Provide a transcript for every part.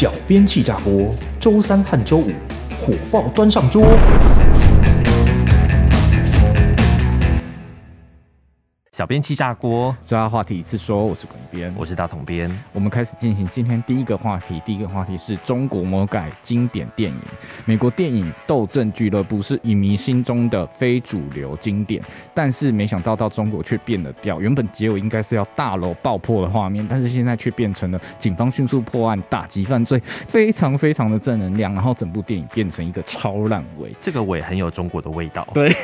小編氣炸鍋，週三和週五火爆端上桌。小編氣炸鍋，其他話題一次說。我是滾一編，我是打統編。我們開始進行今天第一個話題。第一個話題是中國魔改經典電影《美國電影鬥陣俱樂部》，是影迷心中的非主流經典。但是沒想到到中國卻變了調。原本結尾應該是要大樓爆破的畫面，但是現在卻變成了警方迅速破案、打擊犯罪，非常非常的正能量。然後整部電影變成一個超爛尾。這個尾很有中國的味道，對，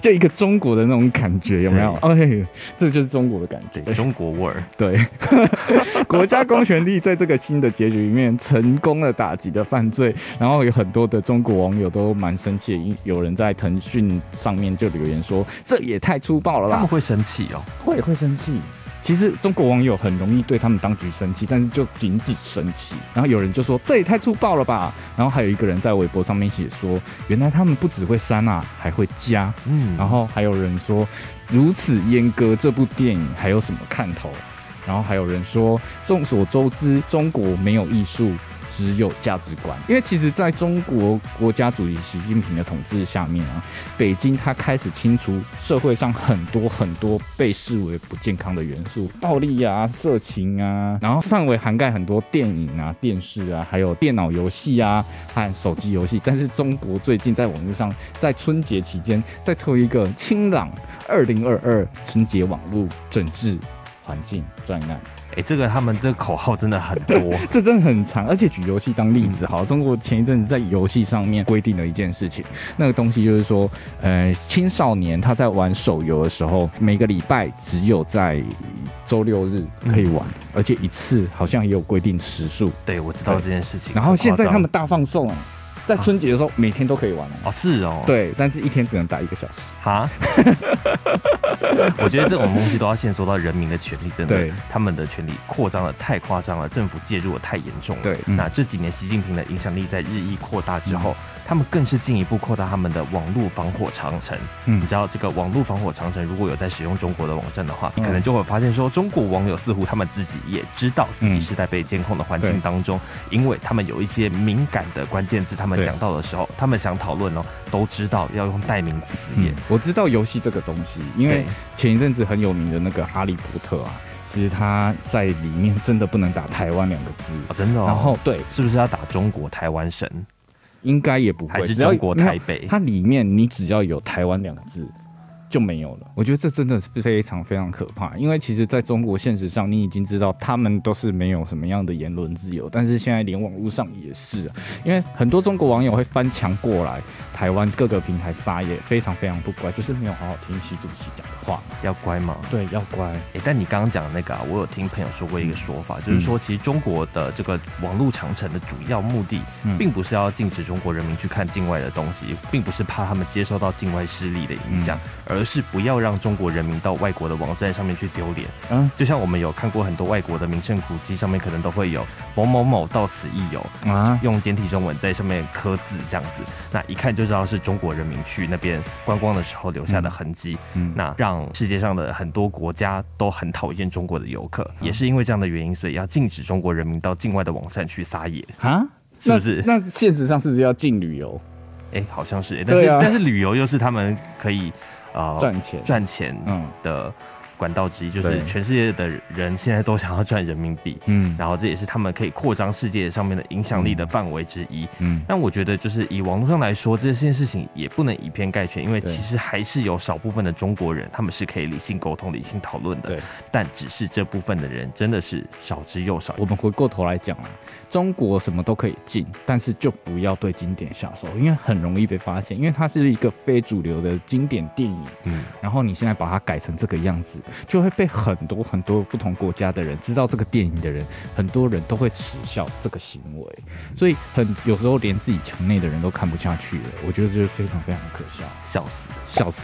就一個中國的那種感覺，有沒有？對 okay. 這就是中國的感覺，中國味兒。對， 國家公權力在這個新的結局裡面，成功了打擊了犯罪，然後有很多的中國網友都蠻生氣，因有人在騰訊上面就留言說，這也太粗暴了吧。他們會生氣哦，會會生氣。其實中國網友很容易對他們當局生氣，但是就僅止生氣。然後有人就說：“這也太粗暴了吧！”然後還有一個人在微博上面寫說：“原來他們不只會刪啊，還會加。”嗯，然後還有人說：“如此閹割這部電影還有什麼看頭？”然後還有人說：“眾所周知，中國沒有藝術。”只有價值觀，因為其實在中國國家主義、習近平的統治下面啊，北京它開始清除社會上很多很多被視為不健康的元素，暴力啊、色情啊，然後範圍涵蓋很多電影啊、電視啊，還有電腦遊戲啊還有手機遊戲。但是中國最近在網絡上，在春節期間在推一個“清朗二零二二春節網絡整治”。環境災難哎、欸，這個他們這個口號真的很多， 這真的很長，而且舉遊戲當例子好，好、嗯，中國前一陣子在遊戲上面規定了一件事情，那個東西就是說，呃，青少年他在玩手遊的時候，每個禮拜只有在周六日可以玩，嗯、而且一次好像也有規定時數。對，我知道這件事情、嗯。然後現在他們大放送、啊。在春節的時候，每天都可以玩哦，喔啊。是哦，喔，對，但是一天只能打一個小時。我覺得這種東西都要限縮，到人民的權利，真的，對他們的權利擴張的太誇張了，政府介入的太嚴重了。對，那這幾年習近平的影響力在日益擴大之後，嗯，他們更是進一步擴大他們的網絡防火長城。嗯，你知道這個網絡防火長城，如果有在使用中國的網站的話，嗯，你可能就會發現說，中國網友似乎他們自己也知道自己是在被監控的環境當中，嗯，因爲他們有一些敏感的關鍵詞，他們。講到的時候，對他們想討論哦，都知道要用代名詞、嗯。我知道遊戲這個東西，因為前一陣子很有名的那個《哈利波特》啊，對其實他在裡面真的不能打“台灣”兩個字、哦、真的、哦。然後對，是不是要打“中國台灣省”？應該也不會，還是中國台北。它裡面你只要有“台灣”兩個字。就沒有了。我覺得這真的是非常非常可怕，因為其實在中國現實上，你已經知道他們都是沒有什麼樣的言論自由，但是現在連網絡上也是、啊，因為很多中國網友會翻牆過來，台灣各個平台撒野，非常非常不乖，就是沒有好好聽習主席講的話，要乖嗎？對，要乖。欸、但你剛剛講的那個、啊，我有聽朋友說過一個說法，嗯、就是說其實中國的這個網絡長城的主要目的，嗯、並不是要禁止中國人民去看境外的東西，並不是怕他們接受到境外勢力的影響，嗯、而是就是不要讓中國人民到外國的網站上面去丟臉。嗯，就像我們有看過很多外國的名勝古蹟上面，可能都會有某某某到此一遊、嗯、啊，用簡體中文在上面刻字這樣子，那一看就知道是中國人民去那邊觀光的時候留下的痕跡、嗯。嗯，那讓世界上的很多國家都很討厭中國的遊客，嗯、也是因為這樣的原因，所以要禁止中國人民到境外的網站去撒野啊？是不是？那，那現實上是不是要禁旅遊？哎、欸，好像是。欸、但是、對啊、但是旅遊又是他們可以。啊，賺錢賺錢嗯的。管道之一就是全世界的人現在都想要賺人民幣，嗯對，然後這也是他們可以擴張世界上面的影響力的範圍之一。嗯，但我覺得就是以網絡上來說，這件事情也不能以偏概全，因為其實還是有少部分的中國人，他們是可以理性溝通、理性討論的。對，但只是這部分的人真的是少之又少。我們回過頭來講啊，中國什麼都可以進，但是就不要對經典下手，因為很容易被發現，因為它是一個非主流的經典電影。嗯，然後你現在把它改成這個樣子。就會被很多很多不同國家的人知道這個電影的人，很多人都會恥笑這個行為，所以很，有時候連自己牆內的人都看不下去了。我覺得這是非常非常可笑，笑死，笑死。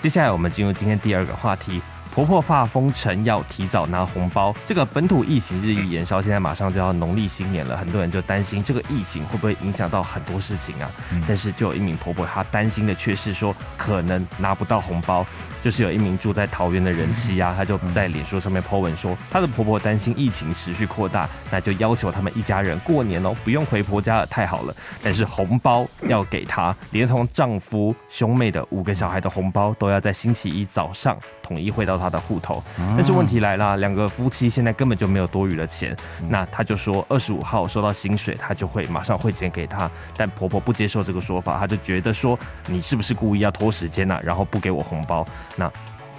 接下來我們進入今天第二個話題。婆婆怕封城要提早拿紅包，這個本土疫情日益延燒，現在馬上就要農曆新年了，很多人就擔心這個疫情會不會影響到很多事情啊？但是就有一名婆婆，她擔心的卻是說可能拿不到紅包。就是有一名住在桃園的人妻啊，她就在臉書上面 po 文說，她的婆婆擔心疫情持續擴大，那就要求他們一家人過年哦，不用回婆家了，太好了。但是紅包要給她，連同丈夫、兄妹的五個小孩的紅包都要在星期一早上統一匯到他的戶頭，但是問題來了，兩個夫妻現在根本就沒有多餘的錢，那他就說二十五號收到薪水，他就會馬上匯錢給他，但婆婆不接受這個說法，他就覺得說你是不是故意要拖時間啊？然後不給我紅包，那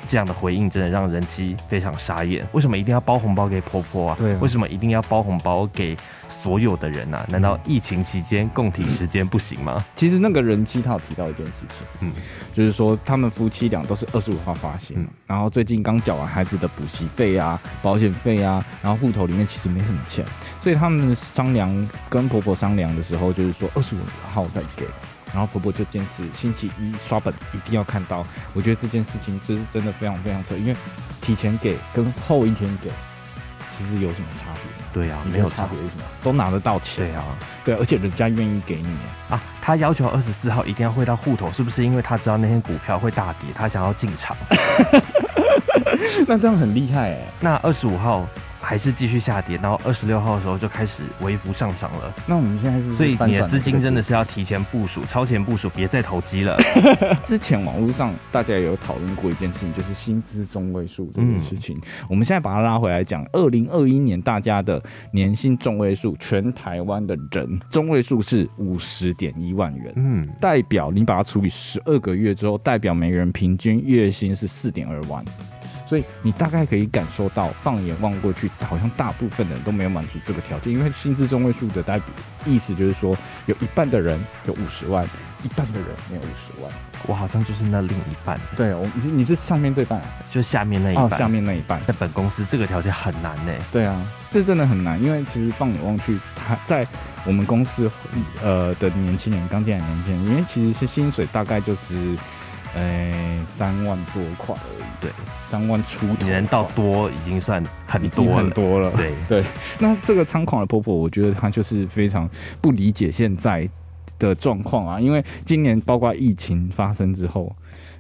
這樣的回應真的讓人妻非常傻眼，為什麼一定要包紅包給婆婆啊？對了，為什麼一定要包紅包給？所有的人吶、啊，難道疫情期間共體時間不行嗎、嗯？其實那個人妻她有提到一件事情，嗯，就是說他們夫妻倆都是二十五號發薪。嗯、然後最近剛繳完孩子的補習費啊、保險費啊，然後戶頭裡面其實沒什麼錢，所以他們商量跟婆婆商量的時候，就是說二十五號再給，然後婆婆就堅持星期一刷本一定要看到。我覺得這件事情這是真的非常非常扯，因為提前給跟後一天給。就是有什麼差別？對啊，沒有差別是什麼？都拿得到錢。對啊，對啊，而且人家願意給你啊。啊他要求二十四號一定要匯到戶頭，是不是因為他知道那天股票會大跌，他想要進場？ 那這樣很厲害哎、欸。那二十五號。還是繼續下跌，然後二十六號的時候就開始微幅上漲了。那我們現在是不是？所以你的資金真的是要提前部署、超前部署，別再投機了。之前網絡上大家也有討論過一件事情，就是薪資中位數這件事情。嗯，我們現在把它拉回來講，二零二一年大家的年薪中位數，全台灣的人中位數是五十點一萬元，嗯，代表你把它除以十二個月之後，代表每個人平均月薪是四點二萬。所以你大概可以感受到，放眼望過去，好像大部分的人都沒有滿足這個條件。因為薪資中位數的，代表意思就是說，有一半的人有五十萬，一半的人沒有五十萬。我好像就是那另一半。對，我你,你是上面這半，就下面那一半。哦，下面那一半，在本公司這個條件很難呢、欸。對啊，這真的很難，因為其實放眼望去，他在我們公司呃的年輕人剛進來的年輕人，因為其實是薪水大概就是。哎，三萬多塊而已，對，三萬出頭，你到多已經算很多了，很多了，對對。那這個猖狂的婆婆，我覺得他就是非常不理解現在的狀況啊，因為今年包括疫情發生之後，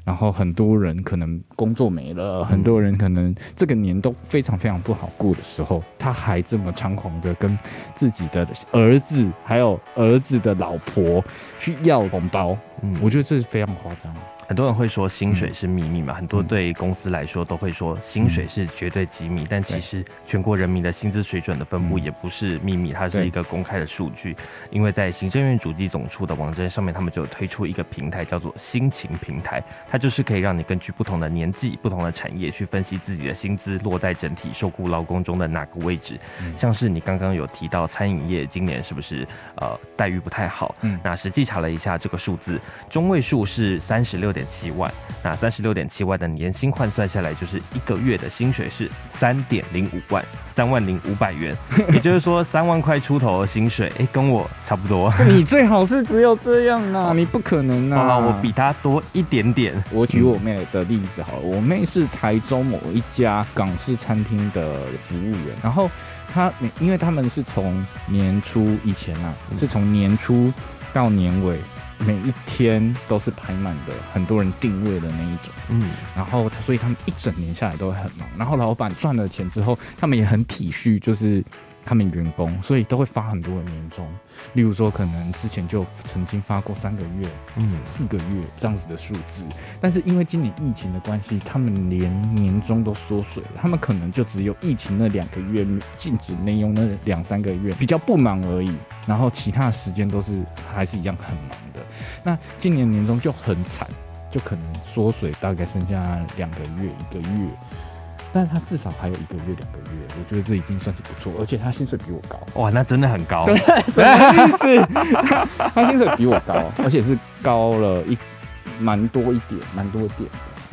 然後很多人可能工作沒了，嗯、很多人可能這個年都非常非常不好過的時候，他還這麼猖狂的跟自己的兒子還有兒子的老婆去要紅包，嗯，我覺得這是非常誇張。很多人會說薪水是秘密嘛？嗯、很多對公司來說都會說薪水是絕對機密，嗯、但其實全國人民的薪資水準的分布也不是秘密，嗯、它是一個公開的數據。嗯、因為在行政院主計總處的網站上面，他們就推出一個平台叫做薪情平台，它就是可以讓你根據不同的年紀、不同的產業去分析自己的薪資落在整體受雇勞工中的哪個位置。嗯、像是你剛剛有提到餐飲業今年是不是呃待遇不太好？嗯、那實際查了一下這個數字，中位數是三十六。點七萬，那三十六點七萬的年薪換算下來，就是一個月的薪水是三點零五萬，三萬零五百元，也就是說三萬塊出頭的薪水，哎、欸，跟我差不多。你最好是只有這樣吶、啊，你不可能吶、啊。Oh, 我比他多一點點。我舉我妹的例子好了，我妹是台中某一家港式餐廳的服務員，嗯、然後她，因為他們是從年初以前啊，是從年初到年尾。每一天都是排滿的，很多人定位的那一種。嗯，然後所以他們一整年下來都很忙。然後老闆賺了錢之後，他們也很體恤，就是，他們員工，所以都會發很多的年終，例如說，可能之前就曾經發過三個月、嗯，四個月這樣子的數字，但是因為今年疫情的關係，他們連年終都縮水了，他們可能就只有疫情那兩個月禁止內用那兩三個月比較不忙而已，然後其他的時間都是還是一樣很忙的。那今年年終就很慘，就可能縮水，大概剩下兩個月、一個月。但是他至少還有一個月、兩個月，我覺得這已經算是不錯，而且他薪水比我高，哇，那真的很高。對，什麼意思？ 他薪水比我高，而且是高了一蠻多一點，蠻多一點。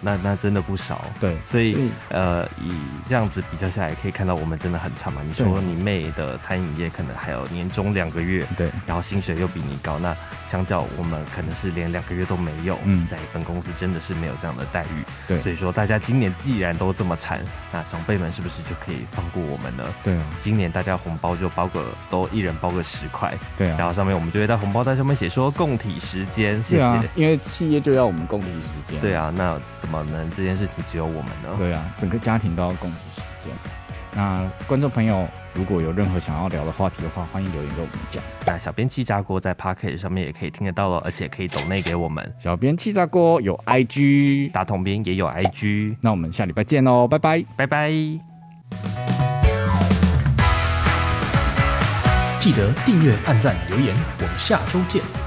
那那真的不少，對，所以你呃以這樣子比較下來，可以看到我們真的很慘嘛，啊，你說，說你妹的餐飲業可能還有年終兩個月，對，然後薪水又比你高，那相較我們可能是連兩個月都沒有，嗯，在本公司真的是沒有這樣的待遇，對，所以說大家今年既然都這麼慘，那長輩們是不是就可以放過我們了？對，啊，今年大家紅包就包個都一人包個十塊，對，啊，然後上面我們就會在紅包袋上面寫說共體時艱，謝謝對，啊，因為企業就要我們共體時艱，對啊，那。我們這件事情只有我們的，對啊，整個家庭都要共度時艱。那觀眾朋友如果有任何想要聊的話題的話，歡迎留言給我們講。那小編氣炸鍋在 Podcast 上面也可以聽得到了，哦，而且可以走內給我們。小編氣炸鍋有 IG，打統編也有 IG。那我們下禮拜見嘍，拜拜、拜拜。記得訂閱、按讚、留言，我們下周見。